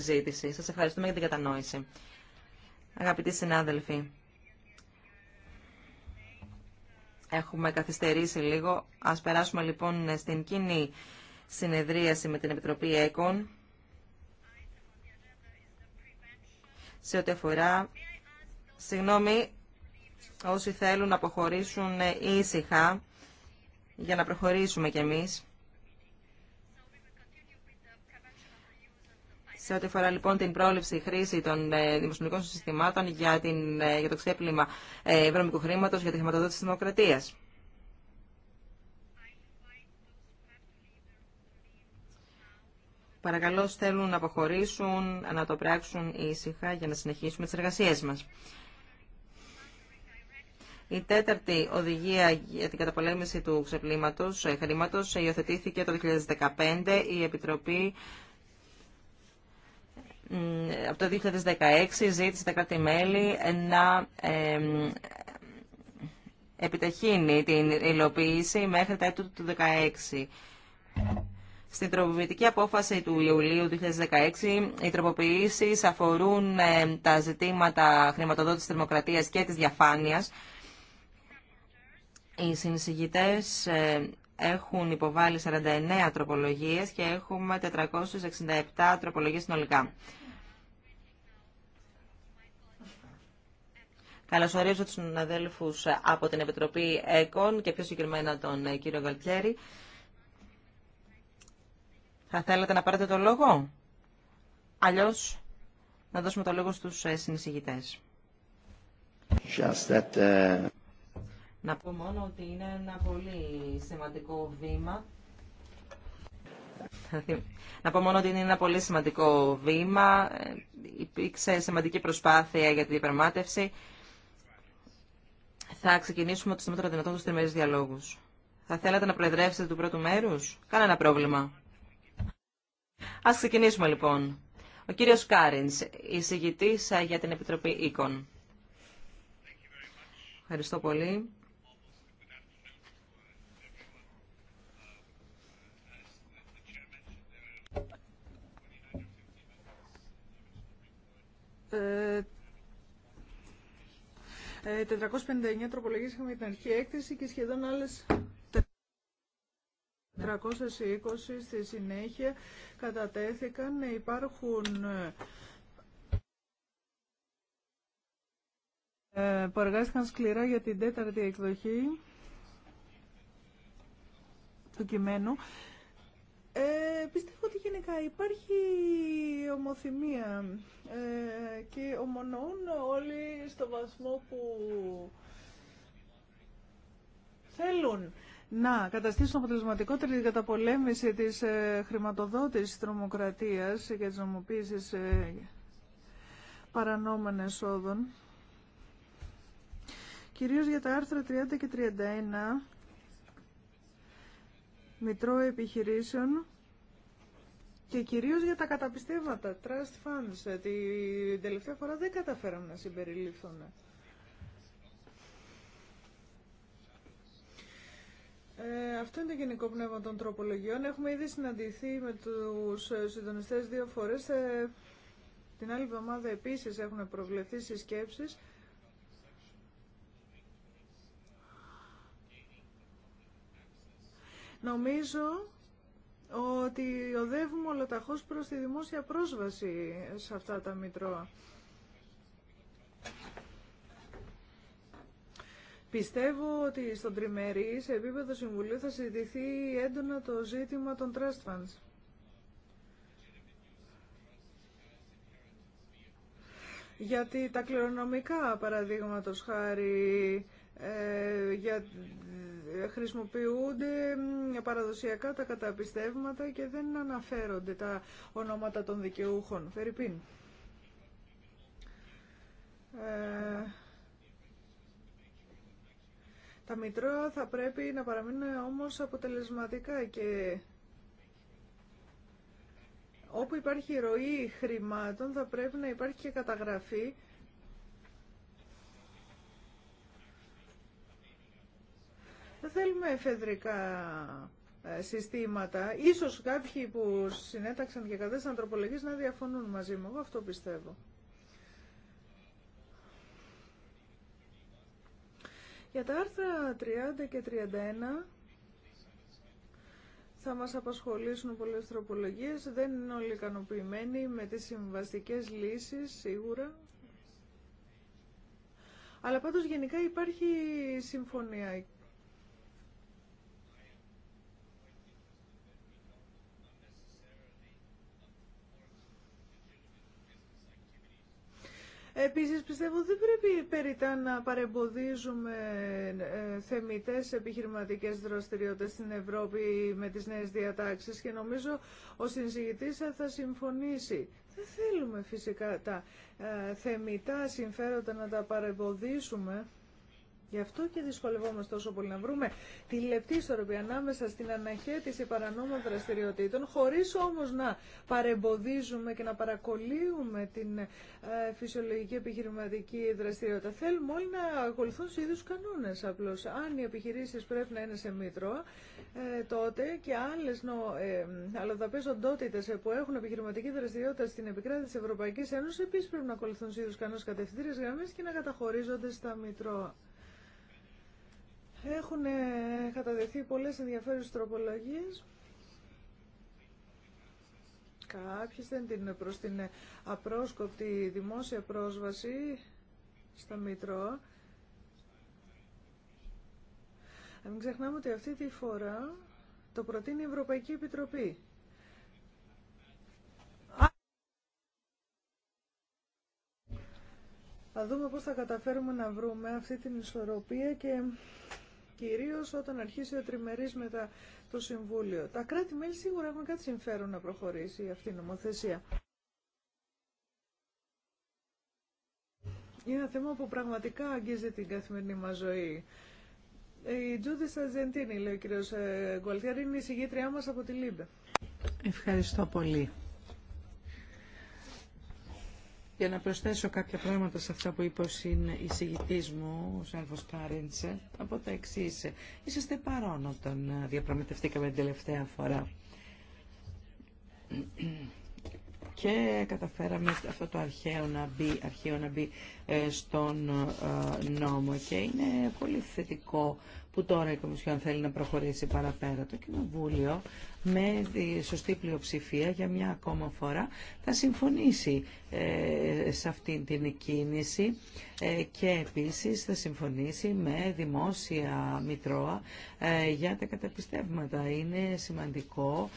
συζήτηση. Σας ευχαριστούμε για την κατανόηση. Αγαπητοί συνάδελφοι, έχουμε καθυστερήσει λίγο. Ας περάσουμε λοιπόν στην κοινή συνεδρίαση με την Επιτροπή ΕΚΟΝ σε ό,τι αφορά... Συγγνώμη, όσοι θέλουν να αποχωρήσουν ήσυχα για να προχωρήσουμε κι εμείς. Σε ό,τι αφορά λοιπόν την πρόληψη χρήση των ε, δημοσιονομικών συστημάτων για, την, ε, για το ξέπλυμα ε, χρήματος χρήματο για τη χρηματοδότηση της δημοκρατίας. Παρακαλώ, θέλουν να αποχωρήσουν, να το πράξουν ήσυχα για να συνεχίσουμε τις εργασίες μας. Η τέταρτη οδηγία για την καταπολέμηση του ξεπλήματος ε, χρήματος υιοθετήθηκε το 2015. Η Επιτροπή από το 2016 ζήτησε τα κράτη-μέλη να επιταχύνει την υλοποίηση μέχρι τα έτου του 2016. Στην τροποποιητική απόφαση του Ιουλίου 2016, οι τροποποιήσει αφορούν ε, τα ζητήματα χρηματοδότησης θερμοκρατίας και της διαφάνειας. Οι συνεισηγητές ε, έχουν υποβάλει 49 τροπολογίες και έχουμε 467 τροπολογίες συνολικά. Καλωσορίζω τους αδέλφους από την Επιτροπή ΕΚΟΝ και πιο συγκεκριμένα τον ε, κύριο Γαλτιέρη. Θα θέλατε να πάρετε το λόγο? Αλλιώς να δώσουμε το λόγο στους ε, συνεισηγητές. Just that, uh, να πω μόνο ότι είναι ένα πολύ σημαντικό βήμα. Να πω μόνο ότι είναι ένα πολύ σημαντικό βήμα. Υπήρξε σημαντική προσπάθεια για τη διαπραγμάτευση. Θα ξεκινήσουμε το σύμμετρο δυνατόν τους τριμερείς διαλόγους. Θα θέλατε να προεδρεύσετε του πρώτου μέρους. Κανένα πρόβλημα. Ας ξεκινήσουμε λοιπόν. Ο κύριος Κάρινς, εισηγητής για την Επιτροπή Οίκων. Ευχαριστώ πολύ. 459 ε, ε, τροπολογίες είχαμε την αρχή έκθεση και σχεδόν άλλες 320 στη συνέχεια κατατέθηκαν. Υπάρχουν ε, που εργάστηκαν σκληρά για την τέταρτη εκδοχή του κειμένου. Ε, πιστεύω ότι γενικά υπάρχει ομοθυμία ε, και ομονοούν όλοι στο βασμό που θέλουν να καταστήσουν αποτελεσματικότερη την καταπολέμηση της ε, χρηματοδότησης της τρομοκρατίας και της νομοποίησης ε, παρανόμων εσόδων. Κυρίως για τα άρθρα 30 και 31 Μητρό επιχειρήσεων και κυρίως για τα καταπιστεύματα, trust funds, ε, την τελευταία φορά δεν καταφέραμε να συμπεριληφθούν. Ε, αυτό είναι το γενικό πνεύμα των τροπολογιών. Έχουμε ήδη συναντηθεί με τους ε, συντονιστές δύο φορές. Ε, την άλλη εβδομάδα επίσης έχουν προβλεφθεί συσκέψεις. Νομίζω ότι οδεύουμε ολοταχώς προς τη δημόσια πρόσβαση σε αυτά τα μητρώα. Πιστεύω ότι στον τριμερή, σε επίπεδο συμβουλίου, θα συζητηθεί έντονα το ζήτημα των trust funds. Γιατί τα κληρονομικά, παραδείγματος χάρη, ε, για χρησιμοποιούνται παραδοσιακά τα καταπιστεύματα και δεν αναφέρονται τα ονόματα των δικαιούχων. Φερρυπίν. Ε, τα μητρώα θα πρέπει να παραμείνουν όμως αποτελεσματικά και όπου υπάρχει ροή χρημάτων θα πρέπει να υπάρχει και καταγραφή Δεν θέλουμε εφεδρικά ε, συστήματα. Ίσως κάποιοι που συνέταξαν και κατέστησαν ανθρωπολογίες να διαφωνούν μαζί μου. Εγώ αυτό πιστεύω. Για τα άρθρα 30 και 31 θα μας απασχολήσουν πολλές τροπολογίες. Δεν είναι όλοι ικανοποιημένοι με τις συμβαστικές λύσεις, σίγουρα. Αλλά πάντως γενικά υπάρχει συμφωνία Επίσης πιστεύω δεν πρέπει περίτα να παρεμποδίζουμε ε, θεμητές επιχειρηματικές δραστηριότητες στην Ευρώπη με τις νέες διατάξεις και νομίζω ο συνεισηγητής θα συμφωνήσει. Δεν θέλουμε φυσικά τα ε, θεμητά συμφέροντα να τα παρεμποδίσουμε Γι' αυτό και δυσκολευόμαστε τόσο πολύ να βρούμε τη λεπτή ισορροπία ανάμεσα στην αναχέτηση παρανόμων δραστηριοτήτων, χωρί όμω να παρεμποδίζουμε και να παρακολύουμε την ε, φυσιολογική επιχειρηματική δραστηριότητα. Θέλουμε όλοι να ακολουθούν στου ίδιου κανόνε απλώ. Αν οι επιχειρήσει πρέπει να είναι σε μήτρο, ε, τότε και άλλε ε, αλλοδαπέ οντότητε ε, που έχουν επιχειρηματική δραστηριότητα στην επικράτηση τη Ευρωπαϊκή Ένωση επίση πρέπει να ακολουθούν στου ίδιου κανόνε κατευθυντήρε γραμμέ και να καταχωρίζονται στα μητρώα. Έχουν ε, καταδεχθεί πολλές ενδιαφέρουσες τροπολογίες. Κάποιες δεν την προς την ε, απρόσκοπτη δημόσια πρόσβαση στα Μητρώα. μην ξεχνάμε ότι αυτή τη φορά το προτείνει η Ευρωπαϊκή Επιτροπή. Θα δούμε πώς θα καταφέρουμε να βρούμε αυτή την ισορροπία και κυρίως όταν αρχίσει ο τριμερής μετά το Συμβούλιο. Τα κράτη-μέλη σίγουρα έχουν κάτι συμφέρον να προχωρήσει αυτή η νομοθεσία. Είναι ένα θέμα που πραγματικά αγγίζει την καθημερινή μας ζωή. Η Τζούδη Σαζεντίνη, λέει ο κύριος ε, Γκουαλτιάρη, είναι η συγγήτριά μας από τη Λίμπε. Ευχαριστώ πολύ. Για να προσθέσω κάποια πράγματα σε αυτά που είπε ο συνεισηγητή μου, ο Σέρφο Κάρεντσε, από τα εξή. Είσαστε παρόν όταν διαπραγματευτήκαμε την τελευταία φορά. Και καταφέραμε αυτό το αρχαίο να μπει, αρχαίο να μπει ε, στον ε, νόμο και είναι πολύ θετικό που τώρα η Κομισιόν θέλει να προχωρήσει παραπέρα. Το Κοινοβούλιο με σωστή πλειοψηφία για μια ακόμα φορά θα συμφωνήσει ε, σε αυτή την κίνηση και επίσης θα συμφωνήσει με δημόσια μητρώα για τα καταπιστεύματα. Είναι σημαντικό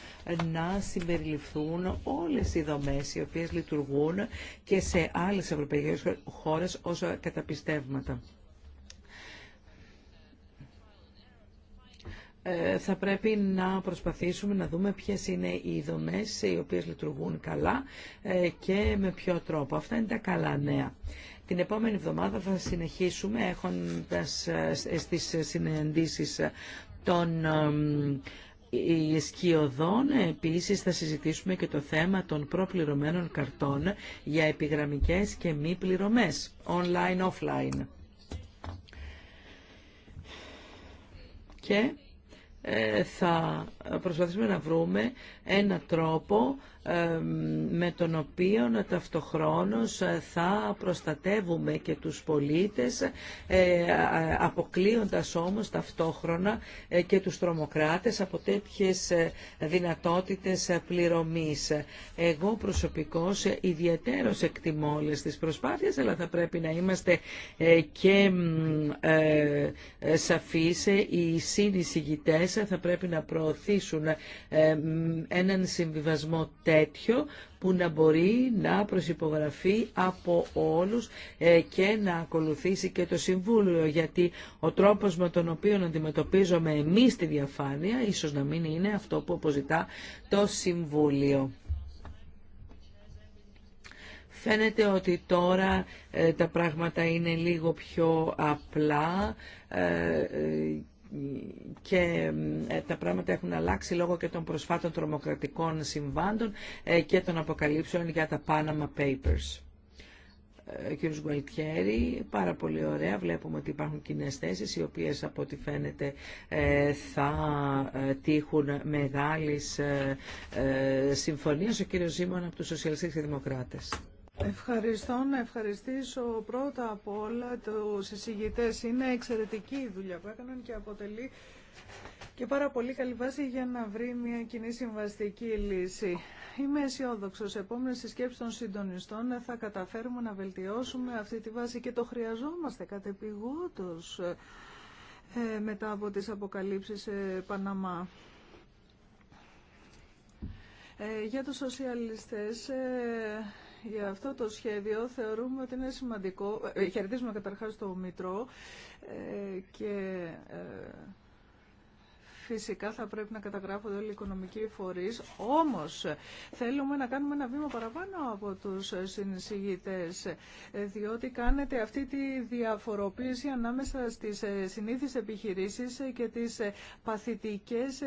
να συμπεριληφθούν όλες οι δομές οι οποίες λειτουργούν και σε άλλες ευρωπαϊκές χώρες χώρες καταπιστεύματα. Ε, θα πρέπει να προσπαθήσουμε να δούμε ποιες είναι οι δομές οι οποίες λειτουργούν καλά ε, και με ποιο τρόπο. Αυτά είναι τα καλά νέα. Την επόμενη εβδομάδα θα συνεχίσουμε έχοντας ε, στις συναντήσεις των οι σκιωδών επίσης θα συζητήσουμε και το θέμα των προπληρωμένων καρτών για επιγραμμικές και μη πληρωμές, online-offline. Και ε, θα προσπαθήσουμε να βρούμε ένα τρόπο με τον οποίο ταυτοχρόνως θα προστατεύουμε και τους πολίτες ε, αποκλείοντας όμως ταυτόχρονα ε, και τους τρομοκράτες από τέτοιες ε, δυνατότητες πληρωμής. Εγώ προσωπικώς ιδιαίτερος εκτιμώ όλες τις προσπάθειες αλλά θα πρέπει να είμαστε και σαφείς οι συνεισηγητές θα πρέπει να προωθήσουν έναν συμβιβασμό τέτοιο που να μπορεί να προσυπογραφεί από όλους ε, και να ακολουθήσει και το Συμβούλιο, γιατί ο τρόπος με τον οποίο αντιμετωπίζουμε εμείς τη διαφάνεια ίσως να μην είναι αυτό που αποζητά το Συμβούλιο. Φαίνεται ότι τώρα ε, τα πράγματα είναι λίγο πιο απλά ε, και ε, τα πράγματα έχουν αλλάξει λόγω και των προσφάτων τρομοκρατικών συμβάντων ε, και των αποκαλύψεων για τα Panama Papers. Ε, ο κ. Γκουαλτιέρη, πάρα πολύ ωραία. Βλέπουμε ότι υπάρχουν κοινέ θέσει, οι οποίε από ό,τι φαίνεται θα τύχουν μεγάλη συμφωνία. Ο κ. Ζήμων από του Σοσιαλιστέ και Δημοκράτε. Ευχαριστώ. Να ευχαριστήσω πρώτα απ' όλα τους εισηγητές. Είναι εξαιρετική η δουλειά που έκαναν και αποτελεί και πάρα πολύ καλή βάση για να βρει μια κοινή συμβαστική λύση. Είμαι αισιόδοξο. επόμενε συσκέψει των συντονιστών ε, θα καταφέρουμε να βελτιώσουμε αυτή τη βάση και το χρειαζόμαστε κατεπηγόντω ε, μετά από τι αποκαλύψει ε, Παναμά. Ε, για τους σοσιαλιστές για αυτό το σχέδιο θεωρούμε ότι είναι σημαντικό. Ε, χαιρετίζουμε καταρχάς το Μητρό ε, και ε, Φυσικά θα πρέπει να καταγράφονται όλοι οι οικονομικοί φορείς, όμως θέλουμε να κάνουμε ένα βήμα παραπάνω από τους συνεισηγητές, διότι κάνετε αυτή τη διαφοροποίηση ανάμεσα στις συνήθεις επιχειρήσεις και τις παθητικές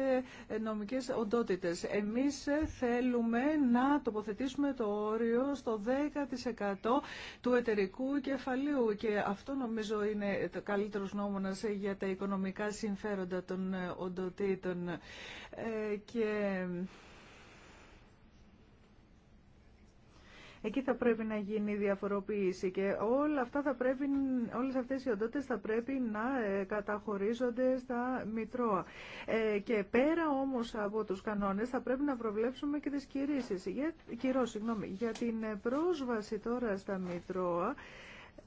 νομικές οντότητες. Εμείς θέλουμε να τοποθετήσουμε το όριο στο 10% του εταιρικού κεφαλίου και αυτό νομίζω είναι το καλύτερο νόμονας για τα οικονομικά συμφέροντα των οντοτήτων. Ε, και Εκεί θα πρέπει να γίνει διαφοροποίηση και όλα αυτά θα πρέπει, όλες αυτές οι οντότητες θα πρέπει να ε, καταχωρίζονται στα μητρώα. Ε, και πέρα όμως από τους κανόνες θα πρέπει να προβλέψουμε και τις κυρώσεις. Για, για την πρόσβαση τώρα στα μητρώα,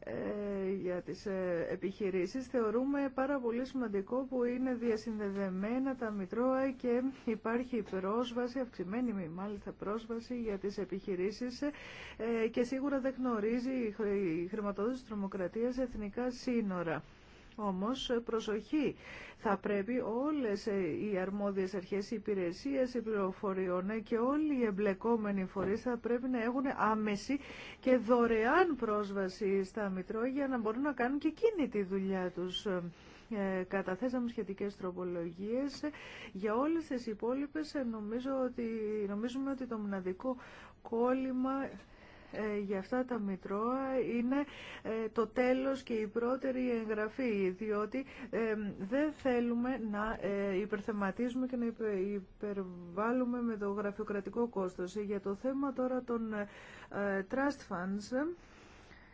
ε, για τις ε, επιχειρήσεις θεωρούμε πάρα πολύ σημαντικό που είναι διασυνδεδεμένα τα Μητρώα και υπάρχει πρόσβαση, αυξημένη μάλιστα πρόσβαση για τις επιχειρήσεις ε, και σίγουρα δεν γνωρίζει η χρηματοδότηση της τρομοκρατίας εθνικά σύνορα. Όμως προσοχή, θα πρέπει όλες οι αρμόδιες αρχές, οι υπηρεσίες, οι πληροφοριών και όλοι οι εμπλεκόμενοι φορείς θα πρέπει να έχουν άμεση και δωρεάν πρόσβαση στα Μητρό για να μπορούν να κάνουν και εκείνη τη δουλειά τους. Ε, καταθέσαμε σχετικές τροπολογίες. Για όλες τις υπόλοιπες ε, νομίζω ότι, νομίζουμε ότι το μοναδικό κόλλημα ε, για αυτά τα Μητρώα είναι ε, το τέλος και η πρώτερη εγγραφή, διότι ε, δεν θέλουμε να υπερθεματίζουμε και να υπερβάλλουμε με το γραφειοκρατικό κόστος. Για το θέμα τώρα των trust funds,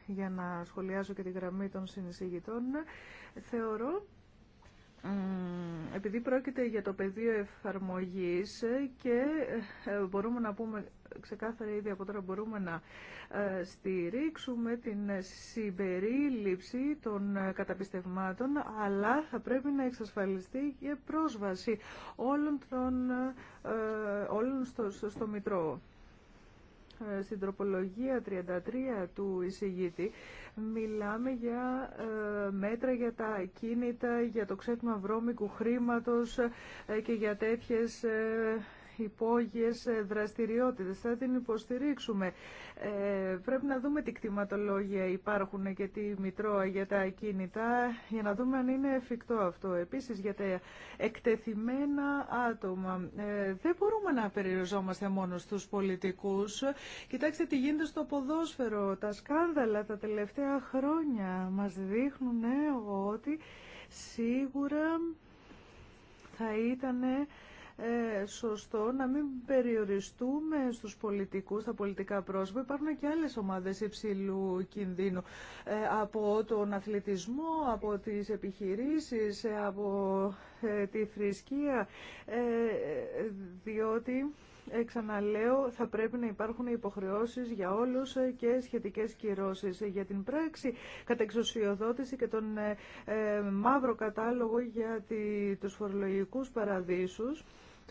για να σχολιάσω και τη γραμμή των συνεισηγητών, θεωρώ επειδή πρόκειται για το πεδίο εφαρμογής και μπορούμε να πούμε ξεκάθαρα ήδη από τώρα μπορούμε να ε, στηρίξουμε την συμπερίληψη των ε, καταπιστευμάτων, αλλά θα πρέπει να εξασφαλιστεί και πρόσβαση όλων, των, ε, όλων στο, στο, Μητρό στην τροπολογία 33 του εισηγήτη μιλάμε για μέτρα για τα κίνητα, για το ξέπημα βρώμικου χρήματος και για τέτοιες υπόγειες ε, δραστηριότητες. Θα την υποστηρίξουμε. Ε, πρέπει να δούμε τι κτηματολόγια υπάρχουν και τι μητρώα για τα ακίνητα για να δούμε αν είναι εφικτό αυτό. Επίσης για τα εκτεθειμένα άτομα. Ε, δεν μπορούμε να περιοριζόμαστε μόνο στους πολιτικούς. Κοιτάξτε τι γίνεται στο ποδόσφαιρο. Τα σκάνδαλα τα τελευταία χρόνια μας δείχνουν ε, ότι σίγουρα θα ήταν ε, σωστό να μην περιοριστούμε στους πολιτικούς, στα πολιτικά πρόσωπα. Υπάρχουν και άλλες ομάδες υψηλού κινδύνου ε, από τον αθλητισμό, από τις επιχειρήσεις, ε, από τη θρησκεία, διότι... Ξαναλέω, θα πρέπει να υπάρχουν υποχρεώσεις για όλους και σχετικές κυρώσεις για την πράξη κατά εξουσιοδότηση και τον μαύρο κατάλογο για τη, τους φορολογικούς παραδείσους.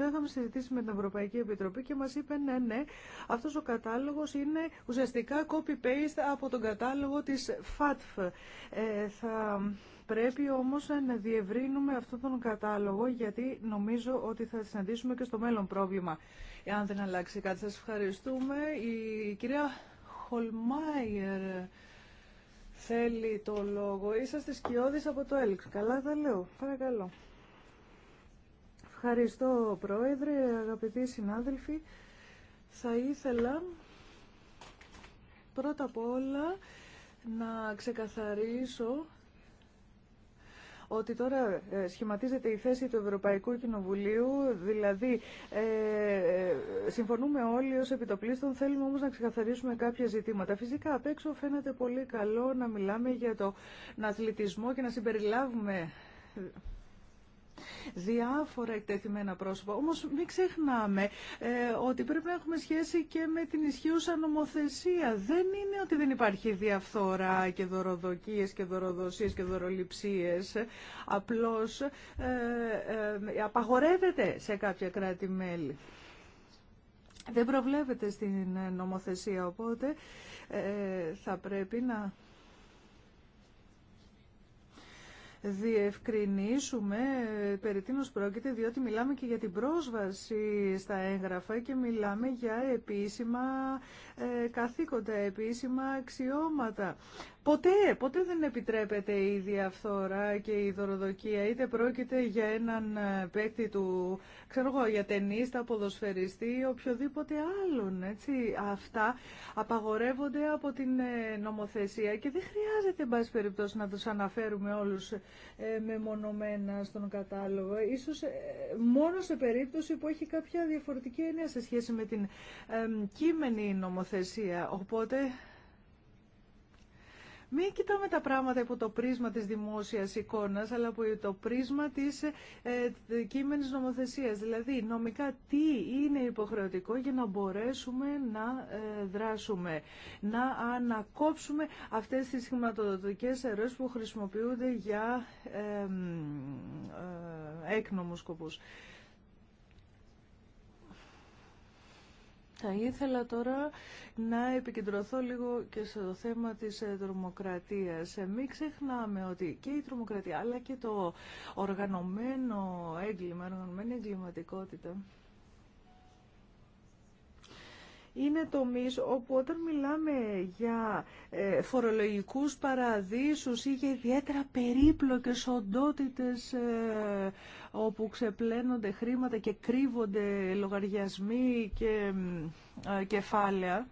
Έχαμε είχαμε συζητήσει με την Ευρωπαϊκή Επιτροπή και μας είπε ναι, ναι, αυτός ο κατάλογος είναι ουσιαστικά copy-paste από τον κατάλογο της FATF. Ε, θα... Πρέπει όμως να διευρύνουμε αυτόν τον κατάλογο γιατί νομίζω ότι θα συναντήσουμε και στο μέλλον πρόβλημα εάν δεν αλλάξει κάτι. Σας ευχαριστούμε. Η κυρία Χολμάιερ θέλει το λόγο. Είσαστε σκιώδης από το ΕΛΚ. Καλά τα λέω. Παρακαλώ. Ευχαριστώ Πρόεδρε, αγαπητοί συνάδελφοι. Θα ήθελα πρώτα απ' όλα να ξεκαθαρίσω ότι τώρα ε, σχηματίζεται η θέση του Ευρωπαϊκού Κοινοβουλίου, δηλαδή ε, ε, συμφωνούμε όλοι ως επιτοπλίστων, θέλουμε όμως να ξεκαθαρίσουμε κάποια ζητήματα. Φυσικά απ' έξω φαίνεται πολύ καλό να μιλάμε για τον αθλητισμό και να συμπεριλάβουμε διάφορα εκτεθειμένα πρόσωπα. Όμως μην ξεχνάμε ε, ότι πρέπει να έχουμε σχέση και με την ισχύουσα νομοθεσία. Δεν είναι ότι δεν υπάρχει διαφθορά και δωροδοκίες και δωροδοσίες και δωροληψίες. Απλώς ε, ε, απαγορεύεται σε κάποια κράτη-μέλη. Δεν προβλέπεται στην νομοθεσία, οπότε θα πρέπει να διευκρινίσουμε περί τίνος πρόκειται, διότι μιλάμε και για την πρόσβαση στα έγγραφα και μιλάμε για επίσημα ε, καθήκοντα, επίσημα αξιώματα. Ποτέ, ποτέ δεν επιτρέπεται η διαφθορά και η δωροδοκία. Είτε πρόκειται για έναν ε, παίκτη του, ξέρω εγώ, για ταινίστα, ποδοσφαιριστή ή οποιοδήποτε άλλον. Έτσι. Αυτά απαγορεύονται από την ε, νομοθεσία και δεν χρειάζεται, εν πάση περιπτώσει, να τους αναφέρουμε όλους ε, μεμονωμένα στον κατάλογο. Ίσως μόνο σε περίπτωση που έχει κάποια διαφορετική έννοια σε σχέση με την κείμενη νομοθεσία. Οπότε μην κοιτάμε τα πράγματα από το πρίσμα της δημόσιας εικόνας, αλλά από το πρίσμα της ε, ε, κείμενης νομοθεσίας. Δηλαδή, νομικά τι είναι υποχρεωτικό για να μπορέσουμε να ε, δράσουμε, να ανακόψουμε αυτές τις χρηματοδοτικές αιρώσεις που χρησιμοποιούνται για ε, ε, έκνομους σκοπούς. Θα ήθελα τώρα να επικεντρωθώ λίγο και στο θέμα της ε, τρομοκρατίας. Ε, μην ξεχνάμε ότι και η τρομοκρατία αλλά και το οργανωμένο έγκλημα, οργανωμένη εγκληματικότητα είναι τομείς όπου όταν μιλάμε για ε, φορολογικούς παραδείσους ή για ιδιαίτερα περίπλοκες οντότητες όπου ξεπλένονται χρήματα και κρύβονται λογαριασμοί και κεφάλαια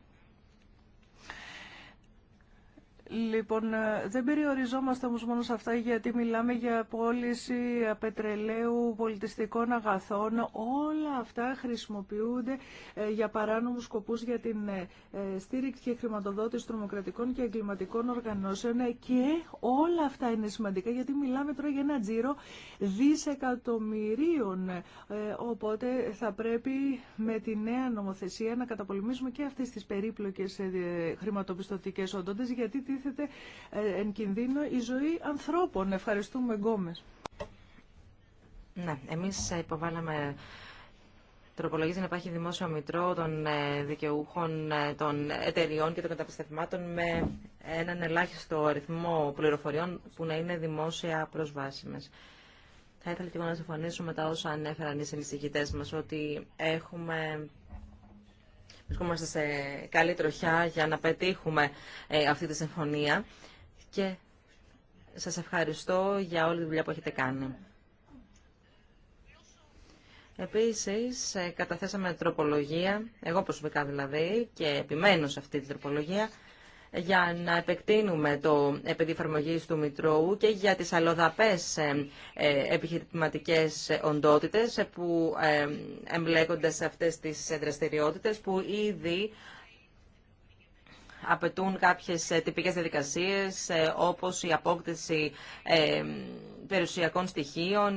Λοιπόν, ε, δεν περιοριζόμαστε όμως μόνο σε αυτά γιατί μιλάμε για πώληση πετρελαίου, πολιτιστικών αγαθών. Όλα αυτά χρησιμοποιούνται ε, για παράνομους σκοπούς για την ε, στήριξη και χρηματοδότηση τρομοκρατικών και εγκληματικών οργανώσεων και όλα αυτά είναι σημαντικά γιατί μιλάμε τώρα για ένα τζίρο δισεκατομμυρίων. Οπότε θα πρέπει με τη νέα νομοθεσία να καταπολεμήσουμε και αυτές τις περίπλοκες χρηματοπιστωτικές οντότητες γιατί τίθεται ε, εν κινδύνο η ζωή ανθρώπων. Ευχαριστούμε, Γκόμες. Ναι, εμείς υποβάλαμε τροπολογίζει να υπάρχει δημόσιο μητρό των ε, δικαιούχων ε, των εταιριών και των καταπιστευμάτων με έναν ελάχιστο αριθμό πληροφοριών που να είναι δημόσια προσβάσιμες. Θα ήθελα και εγώ να συμφωνήσω με τα όσα ανέφεραν οι συνεισηγητές μας, ότι έχουμε βρισκόμαστε σε καλή τροχιά για να πετύχουμε ε, αυτή τη συμφωνία και σας ευχαριστώ για όλη τη δουλειά που έχετε κάνει. Επίσης, ε, καταθέσαμε τροπολογία, εγώ προσωπικά δηλαδή, και επιμένω σε αυτή τη τροπολογία, για να επεκτείνουμε το επαιδεί του Μητρώου και για τις αλλοδαπές ε, ε, επιχειρηματικές οντότητες ε, που εμπλέκονται σε αυτές τις δραστηριότητες που ήδη απαιτούν κάποιες τυπικές διαδικασίες όπως η απόκτηση περιουσιακών στοιχείων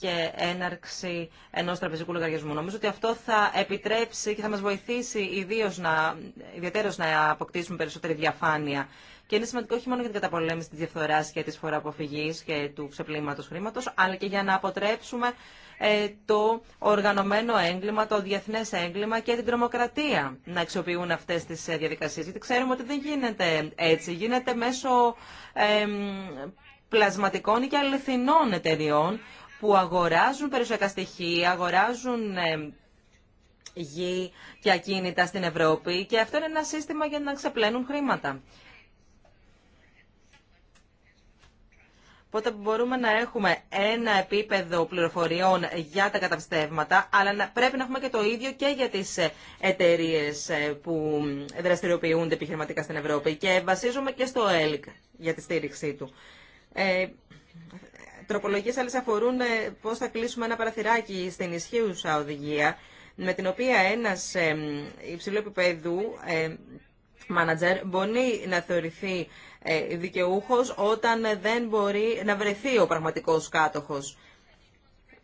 και έναρξη ενό τραπεζικού λογαριασμού. Νομίζω ότι αυτό θα επιτρέψει και θα μα βοηθήσει ιδίω να, ιδιαίτερω να αποκτήσουμε περισσότερη διαφάνεια. Και είναι σημαντικό όχι μόνο για την καταπολέμηση τη διαφθορά και τη φοροαποφυγή και του ξεπλήματο χρήματο, αλλά και για να αποτρέψουμε ε, το οργανωμένο έγκλημα, το διεθνέ έγκλημα και την τρομοκρατία να αξιοποιούν αυτέ τι ε, διαδικασίε. Γιατί ξέρουμε ότι δεν γίνεται έτσι. Γίνεται μέσω πλασματικών και αληθινών εταιριών που αγοράζουν περιουσιακά στοιχεία, αγοράζουν ε, γη και ακίνητα στην Ευρώπη και αυτό είναι ένα σύστημα για να ξεπλένουν χρήματα. Οπότε μπορούμε να έχουμε ένα επίπεδο πληροφοριών για τα καταπιστεύματα, αλλά πρέπει να έχουμε και το ίδιο και για τις ε, εταιρείε ε, που δραστηριοποιούνται επιχειρηματικά στην Ευρώπη. Και βασίζομαι και στο ΕΛΚ για τη στήριξή του. Ε, τροπολογίες άλλες αφορούν ε, πώς θα κλείσουμε ένα παραθυράκι στην ισχύουσα οδηγία, με την οποία ένας υψηλού επίπεδου μάνατζερ μπορεί να θεωρηθεί ε, δικαιούχος όταν δεν μπορεί να βρεθεί ο πραγματικός κάτοχος.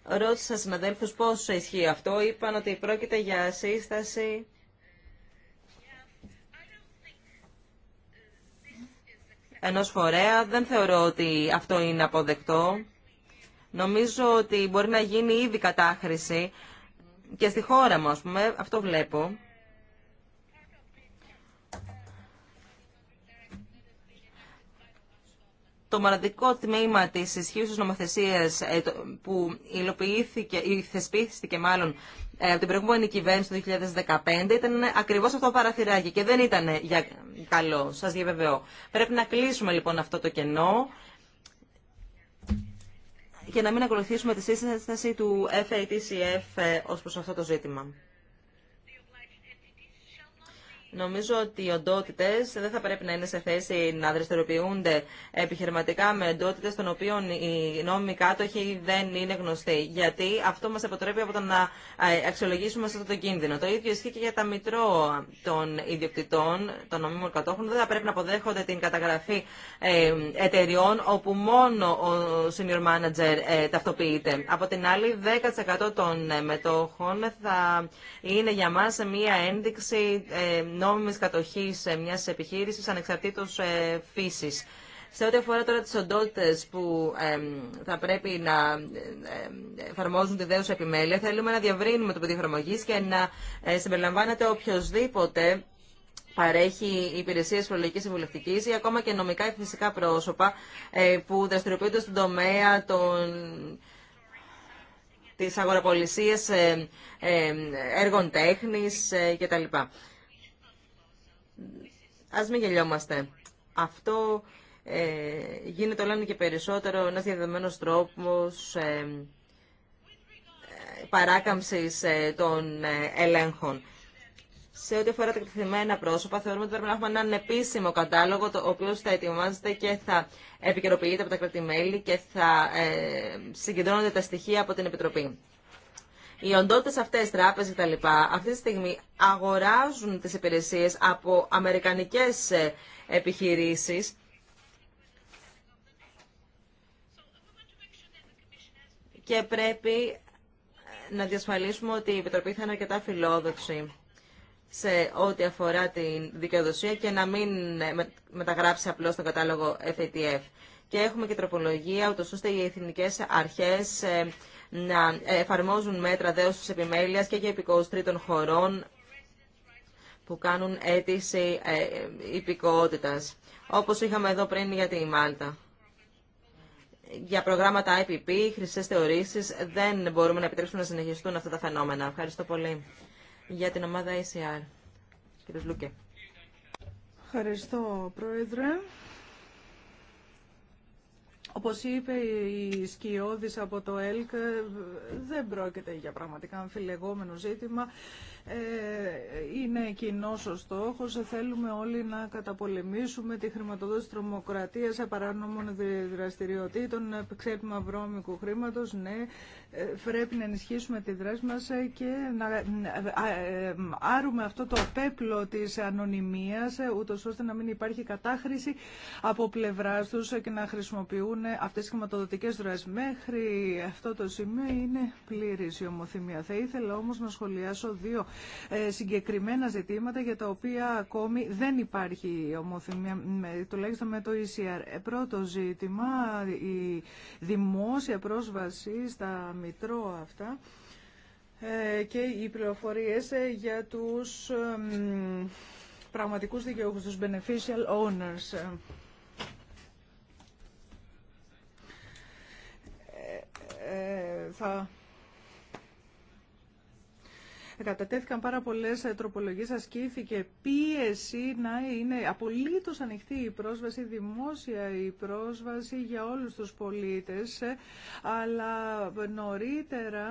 Ρώτησα συναδέλφους πώς ισχύει αυτό. Είπαν ότι πρόκειται για σύσταση ενός φορέα. Δεν θεωρώ ότι αυτό είναι αποδεκτό. Νομίζω ότι μπορεί να γίνει ήδη κατάχρηση και στη χώρα μου, πούμε, αυτό βλέπω. Το μοναδικό τμήμα τη ισχύουσης νομοθεσίας ε, που υλοποιήθηκε ή θεσπίστηκε μάλλον ε, από την προηγούμενη κυβέρνηση το 2015 ήταν ακριβώς αυτό το παραθυράκι και δεν ήταν για καλό, σα διαβεβαιώ. Πρέπει να κλείσουμε λοιπόν αυτό το κενό και να μην ακολουθήσουμε τη σύσταση του FATCF ε, ως προς αυτό το ζήτημα. Νομίζω ότι οι οντότητε δεν θα πρέπει να είναι σε θέση να δραστηριοποιούνται επιχειρηματικά με εντότητε των οποίων οι νόμιμοι κάτοχοι δεν είναι γνωστοί. Γιατί αυτό μα αποτρέπει από το να ε, αξιολογήσουμε αυτό το κίνδυνο. Το ίδιο ισχύει και για τα μητρώα των ιδιοκτητών, των νομίμων κατόχων. Δεν θα πρέπει να αποδέχονται την καταγραφή ε, εταιριών όπου μόνο ο senior manager ε, ταυτοποιείται. Από την άλλη, 10% των μετόχων θα είναι για μα μία ένδειξη νόμιμης κατοχής μιας επιχείρησης ανεξαρτήτως ε, φύσης. Σε ό,τι αφορά τώρα τις οντότητες που θα πρέπει να ε, εφαρμόζουν τη δέουσα επιμέλεια, θέλουμε να διαβρύνουμε το πεδίο εφαρμογή και να ε, συμπεριλαμβάνεται οποιοδήποτε παρέχει υπηρεσίες φορολογικής συμβουλευτικής ή ακόμα και νομικά και φυσικά πρόσωπα που δραστηριοποιούνται στον τομέα των ε, ε, έργων τέχνης κτλ ας μην γελιόμαστε. Αυτό ε, γίνεται όλο και περισσότερο ένας διαδεδομένος τρόπος ε, ε παράκαμψης ε, των ε, ελέγχων. Σε ό,τι αφορά τα εκτεθειμένα πρόσωπα, θεωρούμε ότι πρέπει να έχουμε έναν επίσημο κατάλογο, το οποίο θα ετοιμάζεται και θα επικαιροποιείται από τα κρατημέλη και θα συγκεντρώνονται τα στοιχεία από την Επιτροπή. Οι οντότητε αυτέ, τράπεζε κτλ., αυτή τη στιγμή αγοράζουν τι υπηρεσίε από αμερικανικέ ε, επιχειρήσει. Και πρέπει ε, να διασφαλίσουμε ότι η Επιτροπή θα είναι αρκετά φιλόδοξη σε ό,τι αφορά την δικαιοδοσία και να μην ε, μεταγράψει απλώς τον κατάλογο FATF και έχουμε και τροπολογία, ούτω ώστε οι εθνικέ αρχές ε, να εφαρμόζουν μέτρα δέωσης επιμέλεια και για υπηκόου τρίτων χωρών που κάνουν αίτηση ε, υπηκότητα. Όπω είχαμε εδώ πριν για τη Μάλτα. Για προγράμματα IPP, χρυσέ θεωρήσει, δεν μπορούμε να επιτρέψουμε να συνεχιστούν αυτά τα φαινόμενα. Ευχαριστώ πολύ για την ομάδα ECR. Λούκε. Ευχαριστώ, Πρόεδρε. Όπως είπε η Σκιώδης από το ΕΛΚ, δεν πρόκειται για πραγματικά αμφιλεγόμενο ζήτημα. Ε, είναι κοινό ο στόχο. Θέλουμε όλοι να καταπολεμήσουμε τη χρηματοδότηση τρομοκρατία, παράνομων δραστηριοτήτων, ε, ξέπημα βρώμικου χρήματο. Ναι, ε, πρέπει να ενισχύσουμε τη δράση μα και να άρουμε αυτό το πέπλο τη ανωνυμία, ούτω ώστε να μην υπάρχει κατάχρηση από πλευρά του και να χρησιμοποιούν αυτέ τι χρηματοδοτικέ δράσει. Μέχρι αυτό το σημείο είναι πλήρη η ομοθυμία. Θα ήθελα όμω να σχολιάσω δύο ε, συγκεκριμένα ζητήματα για τα οποία ακόμη δεν υπάρχει ομοθυμία, τουλάχιστον με το ECR. Ε, πρώτο ζήτημα, η δημόσια πρόσβαση στα μητρώα αυτά ε, και οι πληροφορίες για τους πραγματικούς δικαιούχους, τους beneficial owners. Θα κατατέθηκαν πάρα πολλέ ε, τροπολογίε ασκήθηκε πίεση να είναι απολύτως ανοιχτή η πρόσβαση, δημόσια η πρόσβαση για όλους τους πολίτες, ε, αλλά νωρίτερα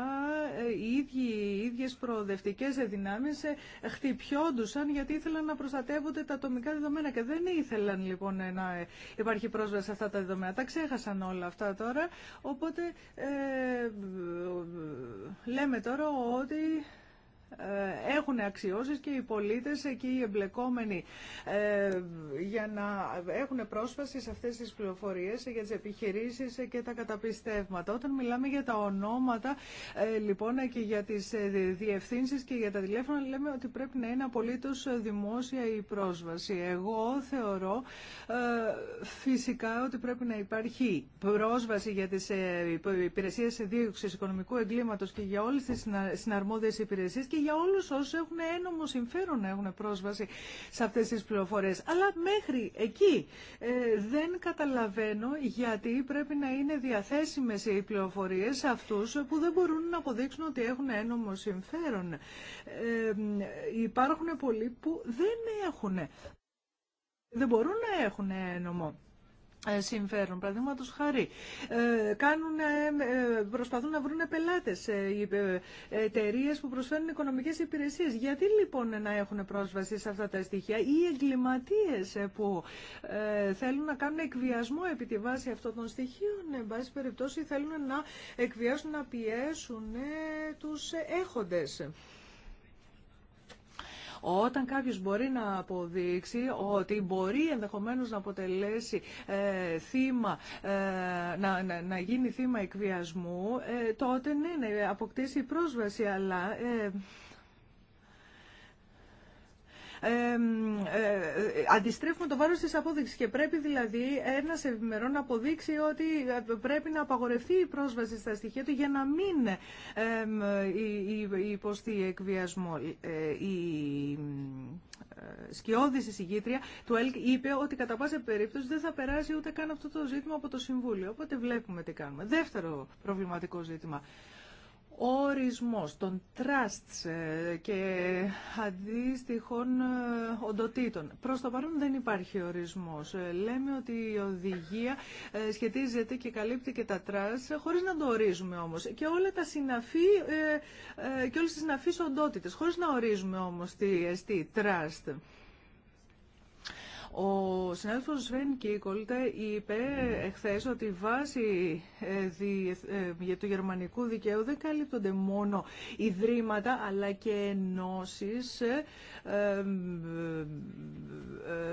ε, οι ίδιοι, οι ίδιες προοδευτικές δυνάμεις χτυπιόντουσαν γιατί ήθελαν να προστατεύονται τα ατομικά δεδομένα και δεν ήθελαν λοιπόν να υπάρχει πρόσβαση σε αυτά τα δεδομένα. Τα ξέχασαν όλα αυτά τώρα, οπότε ε, λέμε τώρα ότι ε, έχουν αξιώσεις και οι πολίτες και οι εμπλεκόμενοι ε, για να έχουν πρόσβαση σε αυτές τις πληροφορίες για τις επιχειρήσεις και τα καταπιστεύματα. Όταν μιλάμε για τα ονόματα ε, λοιπόν και για τις διευθύνσεις και για τα τηλέφωνα λέμε ότι πρέπει να είναι απολύτως δημόσια η πρόσβαση. Εγώ θεωρώ φυσικά ότι πρέπει να υπάρχει πρόσβαση για τις υπηρεσίες δίωξης οικονομικού εγκλήματος και για όλες τις συναρμόδιες υπηρεσίες για όλους όσους έχουν ένομο συμφέρον να έχουν πρόσβαση σε αυτές τις πληροφορίες. Αλλά μέχρι εκεί ε, δεν καταλαβαίνω γιατί πρέπει να είναι διαθέσιμες οι πληροφορίες σε αυτούς που δεν μπορούν να αποδείξουν ότι έχουν ένομο συμφέρον. Ε, υπάρχουν πολλοί που δεν έχουν. Δεν μπορούν να έχουν ένομο. Ε, συμφέρον. Παραδείγματο χάρη, ε, κάνουν, ε, προσπαθούν να βρουν πελάτε οι εταιρείε που προσφέρουν οικονομικέ υπηρεσίε. Γιατί λοιπόν να έχουν πρόσβαση σε αυτά τα στοιχεία ή εγκληματίε που θέλουν να κάνουν εκβιασμό επί τη βάση αυτών των στοιχείων, εν πάση περιπτώσει θέλουν να εκβιάσουν, να πιέσουν του έχοντε. Όταν κάποιο μπορεί να αποδείξει ότι μπορεί ενδεχομένως να αποτελέσει ε, θύμα, ε, να, γίνει θύμα εκβιασμού, ε, τότε ναι, να αποκτήσει πρόσβαση, αλλά... Ε, ε, αντιστρέφουμε το βάρος της απόδειξης και πρέπει δηλαδή ένας ευημερών να αποδείξει ότι ε, πρέπει να απαγορευτεί η πρόσβαση στα στοιχεία του για να μην υποστεί εκβιασμό. Ε, η σκιώδηση συγκήτρια του ΕΛΚ είπε ότι κατά πάσα περίπτωση δεν θα περάσει ούτε καν αυτό το ζήτημα από το Συμβούλιο. Οπότε βλέπουμε τι κάνουμε. Δεύτερο προβληματικό ζήτημα ορισμός των trusts ε, και αντίστοιχων ε, οντοτήτων. Προς το παρόν δεν υπάρχει ορισμός. Ε, λέμε ότι η οδηγία σχετίζεται και καλύπτει και τα trusts χωρίς να το ορίζουμε όμως. Και όλα τα συναφή και όλες τις συναφείς οντότητες χωρίς να ορίζουμε όμως τι εστί trust. Ο συνάδελφο Σβέν Κίκολτε είπε εχθές ότι βάσει ε, ε, για του γερμανικού δικαίου δεν καλύπτονται μόνο ιδρύματα αλλά και ενώσεις, ε,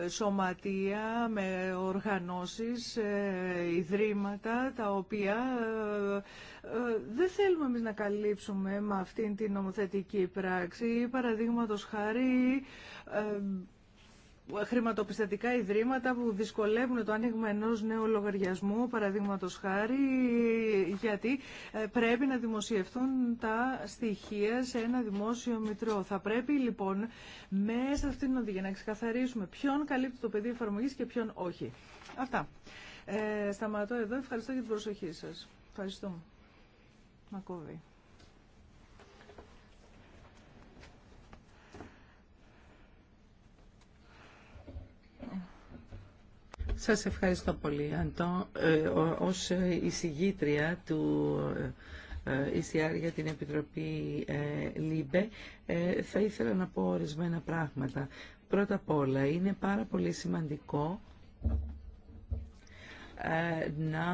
σωματεία με οργανώσεις, ιδρύματα τα οποία δεν θέλουμε εμεί να καλύψουμε με αυτήν την νομοθετική πράξη. παραδείγματο χάρη χρηματοπιστωτικά ιδρύματα που δυσκολεύουν το άνοιγμα ενό νέου λογαριασμού, παραδείγματο χάρη, γιατί ε, πρέπει να δημοσιευθούν τα στοιχεία σε ένα δημόσιο μητρό. Θα πρέπει λοιπόν μέσα αυτήν την οδηγία να ξεκαθαρίσουμε ποιον καλύπτει το πεδίο εφαρμογή και ποιον όχι. Αυτά. Ε, σταματώ εδώ. Ευχαριστώ για την προσοχή σας. Ευχαριστούμε. Μακόβι. Σας ευχαριστώ πολύ, Αντώ. Ε, ως εισηγήτρια του ε, ε, ECR για την Επιτροπή ε, ΛΥΜΠΕ, ε, θα ήθελα να πω ορισμένα πράγματα. Πρώτα απ' όλα, είναι πάρα πολύ σημαντικό ε, να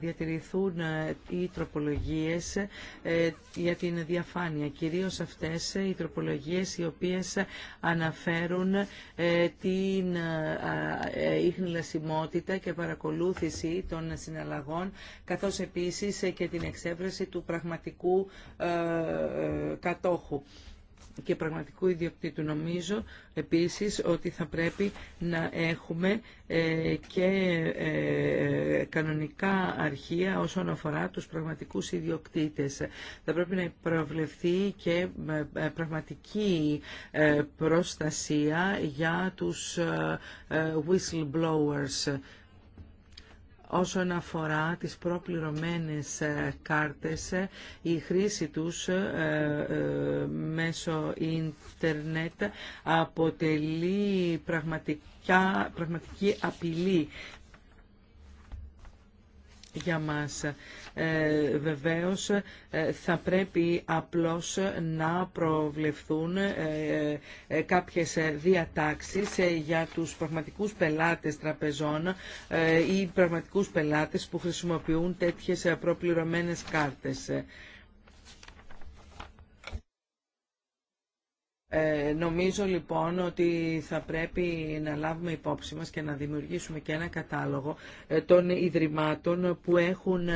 διατηρηθούν ε, οι τροπολογίες ε, για την διαφάνεια, κυρίως αυτές οι τροπολογίες οι οποίες αναφέρουν την ίχνη λασιμότητα και παρακολούθηση των συναλλαγών, καθώς επίσης και την εξέβρεση του πραγματικού κατόχου και πραγματικού ιδιοκτήτου. Νομίζω επίσης ότι θα πρέπει να έχουμε ε, και ε, κανονικά αρχεία όσον αφορά τους πραγματικούς ιδιοκτήτες. Θα πρέπει να προβλεφθεί και ε, πραγματική προστασία για τους whistleblowers όσον αφορά τις προπληρωμένες ε, κάρτες, ε, η χρήση τους ε, μέσω ίντερνετ αποτελεί πραγματικά, πραγματική απειλή για μας. Ε, βεβαίως ε, θα πρέπει απλώς να προβλεφθούν ε, κάποιες διατάξεις για τους πραγματικούς πελάτες τραπεζών ή πραγματικούς πελάτες που χρησιμοποιούν τέτοιες προπληρωμένες κάρτες. Ε, νομίζω λοιπόν ότι θα πρέπει να λάβουμε υπόψη μας και να δημιουργήσουμε και ένα κατάλογο ε, των ιδρυμάτων που έχουν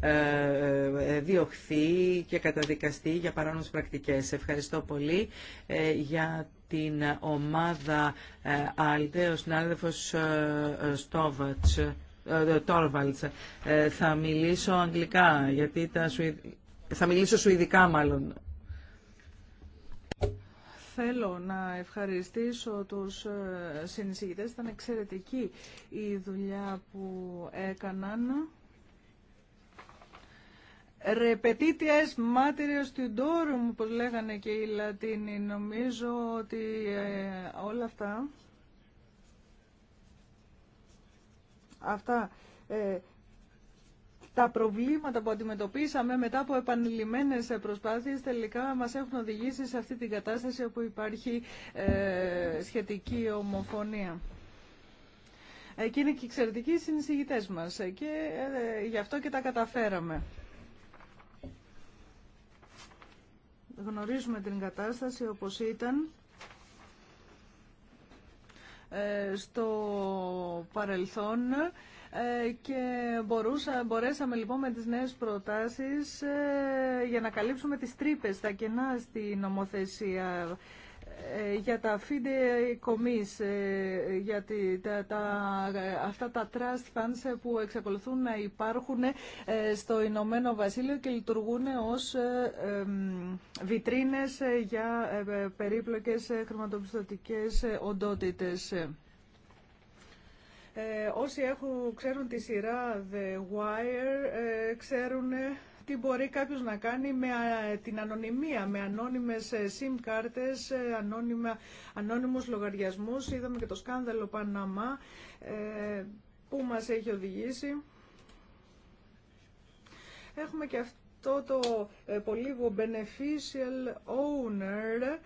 ε, διωχθεί και καταδικαστεί για παράνομες πρακτικές. Ευχαριστώ πολύ για την ομάδα ΑΛΤΕ, ο συνάδελφος Στόβατς. Τόρβαλτς. Θα μιλήσω αγγλικά, γιατί τα θα μιλήσω σουηδικά μάλλον. Θέλω να ευχαριστήσω τους ε, συνεισηγητές. Ήταν εξαιρετική η δουλειά που έκαναν. Repetitias martyrios tudorum, όπως λέγανε και οι Λατίνοι. Νομίζω ότι ε, όλα αυτά, αυτά ε, τα προβλήματα που αντιμετωπίσαμε μετά από επανειλημμένες προσπάθειες τελικά μας έχουν οδηγήσει σε αυτή την κατάσταση όπου υπάρχει ε, σχετική ομοφωνία. Και είναι και εξαιρετικοί συνεισηγητές μας και ε, γι' αυτό και τα καταφέραμε. Γνωρίζουμε την κατάσταση όπως ήταν ε, στο παρελθόν. Ε, και μπορούσα, μπορέσαμε λοιπόν με τις νέες προτάσεις ε, για να καλύψουμε τις τρύπε, τα κενά στη νομοθεσία ε, για τα φίντε ε, για τα, αυτά τα trust funds που εξακολουθούν να υπάρχουν στο Ηνωμένο Βασίλειο και λειτουργούν ως βιτρίνες για περίπλοκες χρηματοπιστωτικές οντότητες. Ε, όσοι έχουν, ξέρουν τη σειρά The Wire ε, ξέρουν ε, τι μπορεί κάποιος να κάνει με την ανωνυμία, με ανώνυμες ε, SIM κάρτες, ε, ανώνυμα, ανώνυμους λογαριασμούς. Είδαμε και το σκάνδαλο Παναμά που μας έχει οδηγήσει. Έχουμε και αυτό το πολύ beneficial owner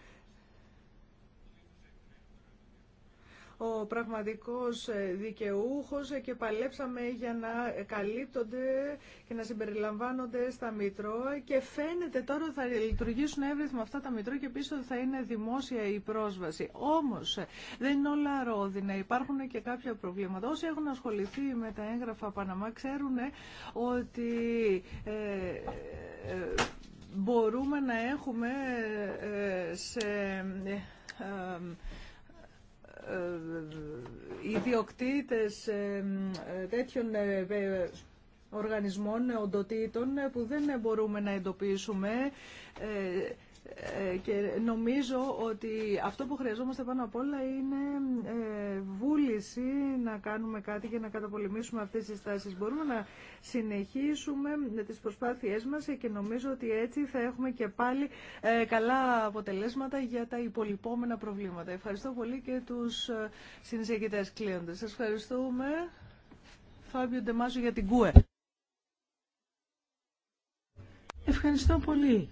ο πραγματικός ε, δικαιούχος ε, και παλέψαμε για να καλύπτονται και να συμπεριλαμβάνονται στα Μητρό και φαίνεται τώρα θα λειτουργήσουν εύρυθμα αυτά τα Μητρό και πίσω θα είναι δημόσια η πρόσβαση. Όμως ε, δεν είναι όλα ρόδινα, υπάρχουν και κάποια προβλήματα. Όσοι έχουν ασχοληθεί με τα έγγραφα Παναμά ξέρουν ότι μπορούμε να έχουμε σε ε, ε, ιδιοκτήτες ε, τέτοιων οργανισμών οντοτήτων που δεν μπορούμε να εντοπίσουμε ε, και νομίζω ότι αυτό που χρειαζόμαστε πάνω απ' όλα είναι ε, βούληση να κάνουμε κάτι για να καταπολεμήσουμε αυτές τις στάσεις. Μπορούμε να συνεχίσουμε με τις προσπάθειές μας και νομίζω ότι έτσι θα έχουμε και πάλι ε, καλά αποτελέσματα για τα υπολοιπόμενα προβλήματα. Ευχαριστώ πολύ και τους συνεισηγητές κλείοντες. Σας ευχαριστούμε. Φάβιο Ντεμάζο για την ΚΟΕ. Ευχαριστώ πολύ.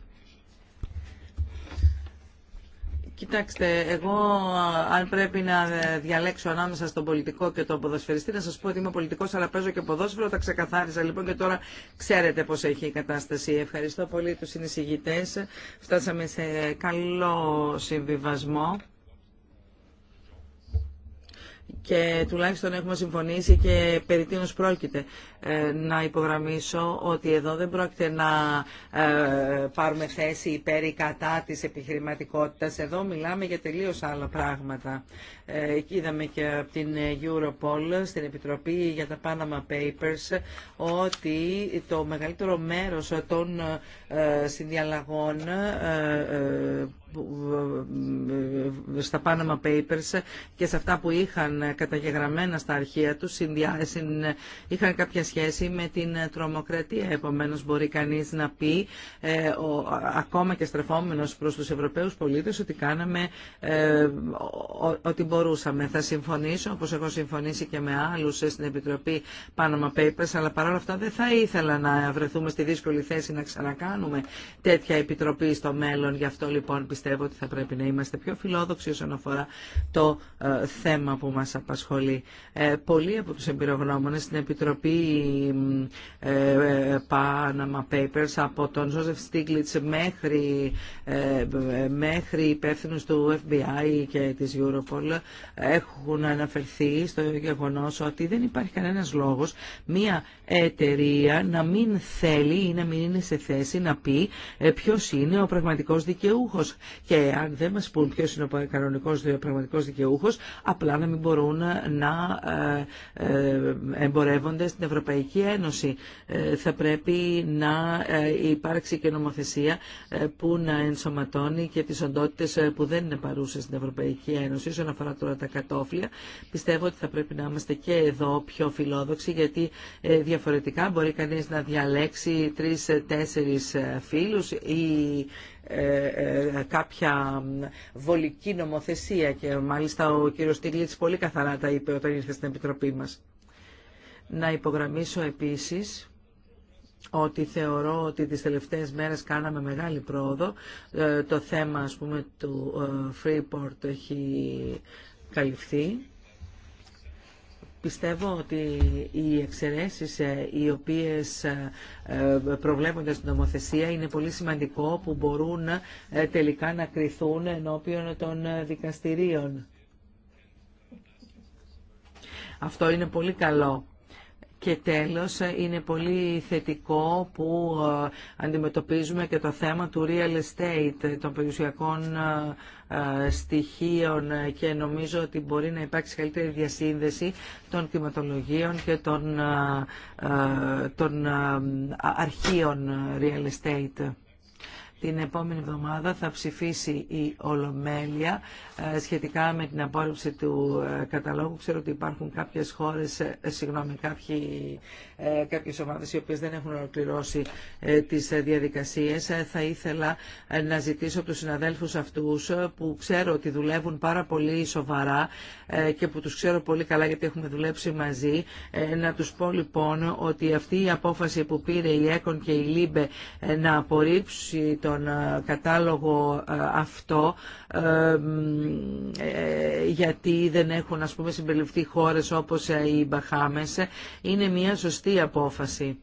Κοιτάξτε, εγώ αν πρέπει να διαλέξω ανάμεσα στον πολιτικό και τον ποδοσφαιριστή, να σας πω ότι είμαι πολιτικός αλλά παίζω και ποδόσφαιρο, τα ξεκαθάρισα λοιπόν και τώρα ξέρετε πώς έχει η κατάσταση. Ευχαριστώ πολύ τους συνεισηγητές, φτάσαμε σε καλό συμβιβασμό και τουλάχιστον έχουμε συμφωνήσει και περί τίνος πρόκειται ε, να υπογραμμίσω ότι εδώ δεν πρόκειται να ε, πάρουμε θέση υπέρ ή κατά της επιχειρηματικότητας. Εδώ μιλάμε για τελείως άλλα πράγματα είδαμε και από την Europol στην Επιτροπή για τα Panama Papers ότι το μεγαλύτερο μέρος των ε, συνδιαλλαγών ε, ε, στα Panama Papers και σε αυτά που είχαν καταγεγραμμένα στα αρχεία τους είχαν κάποια σχέση με την τρομοκρατία. Επομένως μπορεί κανείς να πει ακόμα και στρεφόμενος προς τους Ευρωπαίους πολίτες ότι κάναμε ότι μπορούμε μπορούσαμε. Θα συμφωνήσω, όπω έχω συμφωνήσει και με άλλου στην Επιτροπή Panama Papers, αλλά παρόλα αυτά δεν θα ήθελα να βρεθούμε στη δύσκολη θέση να ξανακάνουμε τέτοια επιτροπή στο μέλλον. Γι' αυτό λοιπόν πιστεύω ότι θα πρέπει να είμαστε πιο φιλόδοξοι όσον αφορά το ε, θέμα που μα απασχολεί. Ε, πολλοί από του εμπειρογνώμονε στην Επιτροπή ε, Panama Papers, από τον Ζώζεφ Στίγκλιτς μέχρι, ε, μέχρι υπεύθυνου του FBI και της Europol, έχουν αναφερθεί στο γεγονός ότι δεν υπάρχει κανένας λόγος μία εταιρεία να μην θέλει ή να μην είναι σε θέση να πει ε, ποιο είναι ο πραγματικός δικαιούχος. Και αν δεν μας πούν ποιος είναι ο κανονικό πραγματικό δικαιούχος, απλά να μην μπορούν να ε, ε, εμπορεύονται στην Ευρωπαϊκή Ένωση. Θα πρέπει να υπάρξει και νομοθεσία που να ενσωματώνει και τι οντότητε που δεν είναι παρούσε στην Ευρωπαϊκή Ένωση όσον αφορά τώρα τα κατόφλια. Πιστεύω ότι θα πρέπει να είμαστε και εδώ πιο φιλόδοξοι γιατί ε, διαφορετικά μπορεί κανείς να διαλέξει τρεις-τέσσερις ε, ε, φίλους ή κάποια βολική νομοθεσία και μάλιστα ο κύριος Τίγλιτς πολύ καθαρά τα είπε όταν ήρθε στην Επιτροπή μας. Να υπογραμμίσω επίσης ότι θεωρώ ότι τις τελευταίες μέρες κάναμε μεγάλη πρόοδο. το θέμα, ας πούμε, του Freeport έχει καλυφθεί. Πιστεύω ότι οι εξαιρέσει ε, οι οποίες ε, ε, προβλέπονται στην νομοθεσία είναι πολύ σημαντικό που μπορούν τελικά να κριθούν ενώπιον των δικαστηρίων. Αυτό είναι πολύ καλό. Και τέλος είναι πολύ θετικό που ε, αντιμετωπίζουμε και το θέμα του real estate, των περιουσιακών ε, ε, στοιχείων και νομίζω ότι μπορεί να υπάρξει καλύτερη διασύνδεση των κτηματολογίων και των, των αρχείων real estate. Την επόμενη εβδομάδα θα ψηφίσει η Ολομέλεια ε, σχετικά με την απόρριψη του ε, καταλόγου. Ξέρω ότι υπάρχουν κάποιες χώρες, ε, συγγνώμη, κάποιοι, κάποιες ομάδες οι οποίες δεν έχουν ολοκληρώσει τις διαδικασίες. Θα ήθελα να ζητήσω από τους συναδέλφους αυτούς που ξέρω ότι δουλεύουν πάρα πολύ σοβαρά και που τους ξέρω πολύ καλά γιατί έχουμε δουλέψει μαζί, να τους πω λοιπόν ότι αυτή η απόφαση που πήρε η ΕΚΟΝ και η ΛΥΜΠΕ να απορρίψει το τον ε, κατάλογο ε, αυτό ε, γιατί δεν έχουν ας πούμε συμπεριληφθεί χώρες όπως οι Μπαχάμες είναι μια σωστή απόφαση.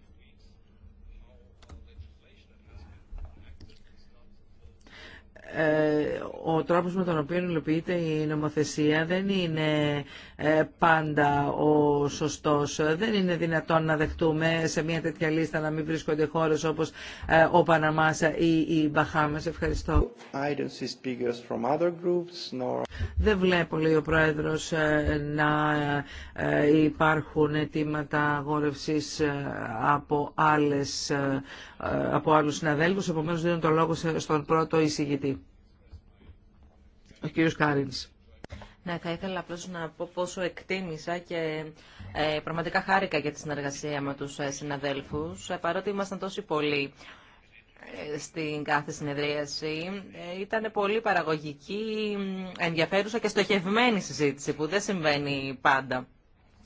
Ε, ο τρόπος με τον οποίο υλοποιείται η νομοθεσία δεν είναι ε, πάντα ο σωστός. Δεν είναι δυνατόν να δεχτούμε σε μια τέτοια λίστα να μην βρίσκονται χώρες όπως ε, ο Παναμάς ή η Μπαχάμες. Ευχαριστώ. from other groups, nor... Δεν βλέπω, λέει ο Πρόεδρος, να υπάρχουν αιτήματα αγόρευσης από, άλλες, από άλλους συναδέλφους. Επομένως δίνω το λόγο στον πρώτο εισηγητή. Ο κύριος Κάρινς. Ναι, θα ήθελα απλώς να πω πόσο εκτίμησα και ε, πραγματικά χάρηκα για τη συνεργασία με τους ε, συναδέλφους, ε, παρότι ήμασταν τόσοι πολλοί ε, στην κάθε συνεδρίαση. Ήταν πολύ παραγωγική, ενδιαφέρουσα και στοχευμένη συζήτηση που δεν συμβαίνει πάντα.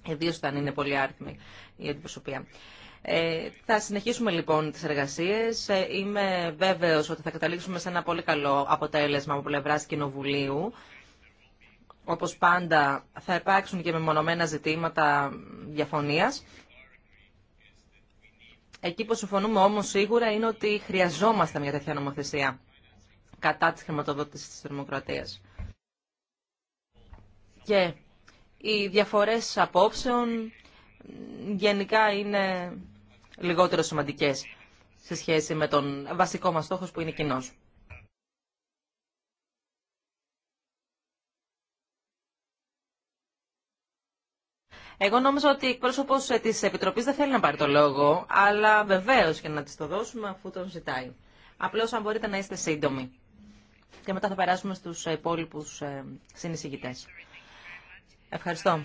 Ιδίω όταν είναι πολύ άρθμη η αντιπροσωπεία. Ε, θα συνεχίσουμε λοιπόν τις εργασίες. Ε, είμαι βέβαιος ότι θα καταλήξουμε σε ένα πολύ καλό αποτέλεσμα από πλευρά Κοινοβουλίου. Όπως πάντα θα υπάρξουν και μεμονωμένα ζητήματα διαφωνίας. Εκεί που συμφωνούμε όμως σίγουρα είναι ότι χρειαζόμαστε μια τέτοια νομοθεσία κατά της χρηματοδότησης της δημοκρατίας. Και οι διαφορές απόψεων γενικά είναι λιγότερο σημαντικέ σε σχέση με τον βασικό μας στόχο που είναι κοινό. Εγώ νόμιζα ότι εκπρόσωπο τη Επιτροπή δεν θέλει να πάρει το λόγο, αλλά βεβαίω και να τη το δώσουμε αφού τον ζητάει. Απλώ αν μπορείτε να είστε σύντομοι. Και μετά θα περάσουμε στου ε, υπόλοιπου ε, συνεισηγητέ. Ευχαριστώ.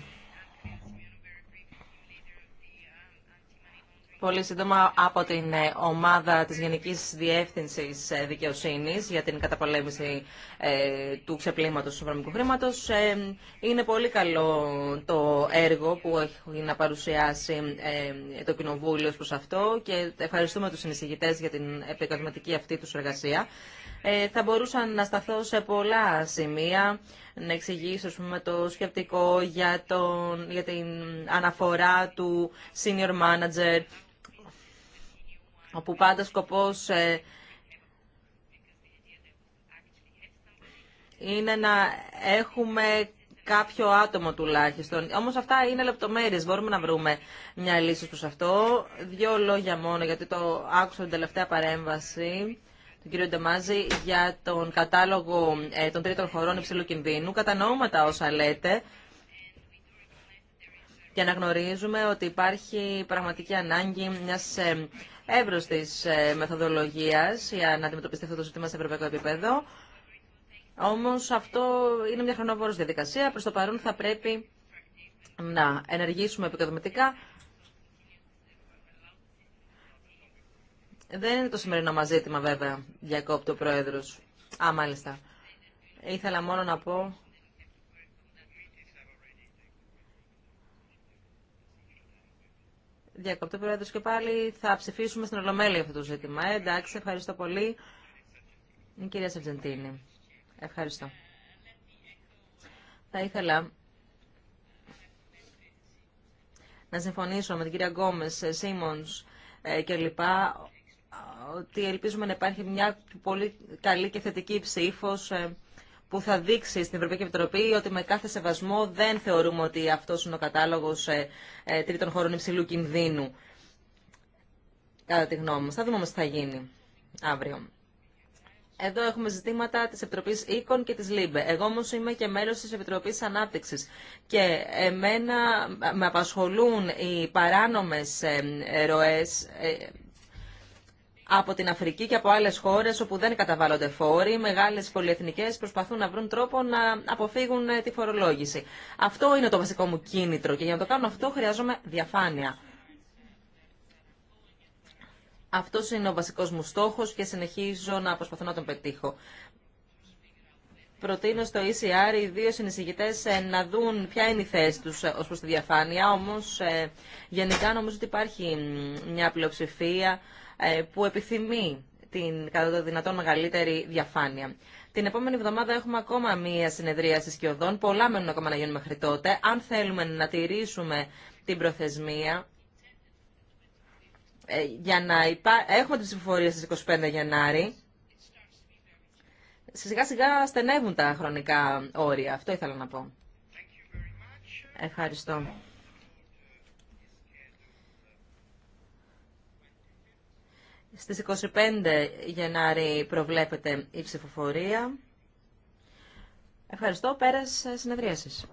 Πολύ σύντομα από την ε, ομάδα της Γενικής Διεύθυνσης ε, Δικαιοσύνης για την καταπολέμηση ε, του ξεπλήματος του οικονομικού χρήματος. Είναι πολύ καλό το έργο που έχει να παρουσιάσει το Κοινοβούλιο προς αυτό και ευχαριστούμε τους συνεισηγητές για την επικασματική αυτή τους εργασία. Θα μπορούσα να σταθώ σε πολλά σημεία, να εξηγήσω το σκεπτικό για, τον, για την αναφορά του senior manager όπου πάντα σκοπός ε, είναι να έχουμε κάποιο άτομο τουλάχιστον. Όμως αυτά είναι λεπτομέρειες, μπορούμε να βρούμε μια λύση προς αυτό. Δύο λόγια μόνο, γιατί το άκουσα την τελευταία παρέμβαση τον κύριο Ντεμάζη για τον κατάλογο ε, των τρίτων χωρών υψηλού κινδύνου. Κατανοούμε τα όσα λέτε και αναγνωρίζουμε ότι υπάρχει πραγματική ανάγκη μιας ε, ε, μεθοδολογίας για να αντιμετωπιστεί αυτό το ζήτημα σε ευρωπαϊκό επίπεδο. Όμως αυτό είναι μια χρονοβόρος διαδικασία. Προς το παρόν θα πρέπει να ενεργήσουμε επικοδομητικά. Δεν είναι το σημερινό μας ζήτημα βέβαια, διακόπτει ο Πρόεδρος. Α, μάλιστα. Ήθελα μόνο να πω Διακόπτω πρόεδρος και πάλι θα ψηφίσουμε στην Ολομέλεια αυτό το ζήτημα. Ε, εντάξει, ευχαριστώ πολύ. Η κυρία Σαρτζεντίνη. Ευχαριστώ. Θα ήθελα να συμφωνήσω με την κυρία Γκόμες, Σίμονς ε, και λοιπά ότι ελπίζουμε να υπάρχει μια πολύ καλή και θετική ψήφος ε, που θα δείξει στην Ευρωπαϊκή Επιτροπή ότι με κάθε σεβασμό δεν θεωρούμε ότι αυτό είναι ο κατάλογος ε, ε, τρίτων χωρών υψηλού κινδύνου. Κατά τη γνώμη μα. Θα δούμε όμως τι θα γίνει αύριο. Εδώ έχουμε ζητήματα της Επιτροπής Οίκων και της ΛΥΜΠΕ. Εγώ όμω είμαι και μέλος της Επιτροπής ανάπτυξη. και εμένα με απασχολούν οι παράνομες ε, ροές από την Αφρική και από άλλες χώρες όπου δεν καταβάλλονται φόροι, μεγάλες πολυεθνικές προσπαθούν να βρουν τρόπο να αποφύγουν ε, τη φορολόγηση. Αυτό είναι το βασικό μου κίνητρο και για να το κάνω αυτό χρειάζομαι διαφάνεια. Αυτό είναι ο βασικός μου στόχος και συνεχίζω να προσπαθώ να τον πετύχω. Προτείνω στο ECR οι δύο συνεισηγητές ε, να δουν ποια είναι η θέση τους ε, ως προς τη διαφάνεια, όμως γενικά νομίζω ότι υπάρχει μια πλειοψηφία ε, που επιθυμεί την κατά το δυνατόν μεγαλύτερη διαφάνεια. Την επόμενη εβδομάδα έχουμε ακόμα μία συνεδρία στις Κιωδών. Πολλά μένουν ακόμα να γίνουν μέχρι τότε. Αν θέλουμε να τηρήσουμε την προθεσμία, ε, για να έχουμε την ψηφοφορία στις 25 Γενάρη, σιγά σιγά στενεύουν τα χρονικά όρια. Αυτό ήθελα να πω. Ευχαριστώ. Στις 25 Γενάρη προβλέπεται η ψηφοφορία. Ευχαριστώ. Πέρας συνεδρίασης.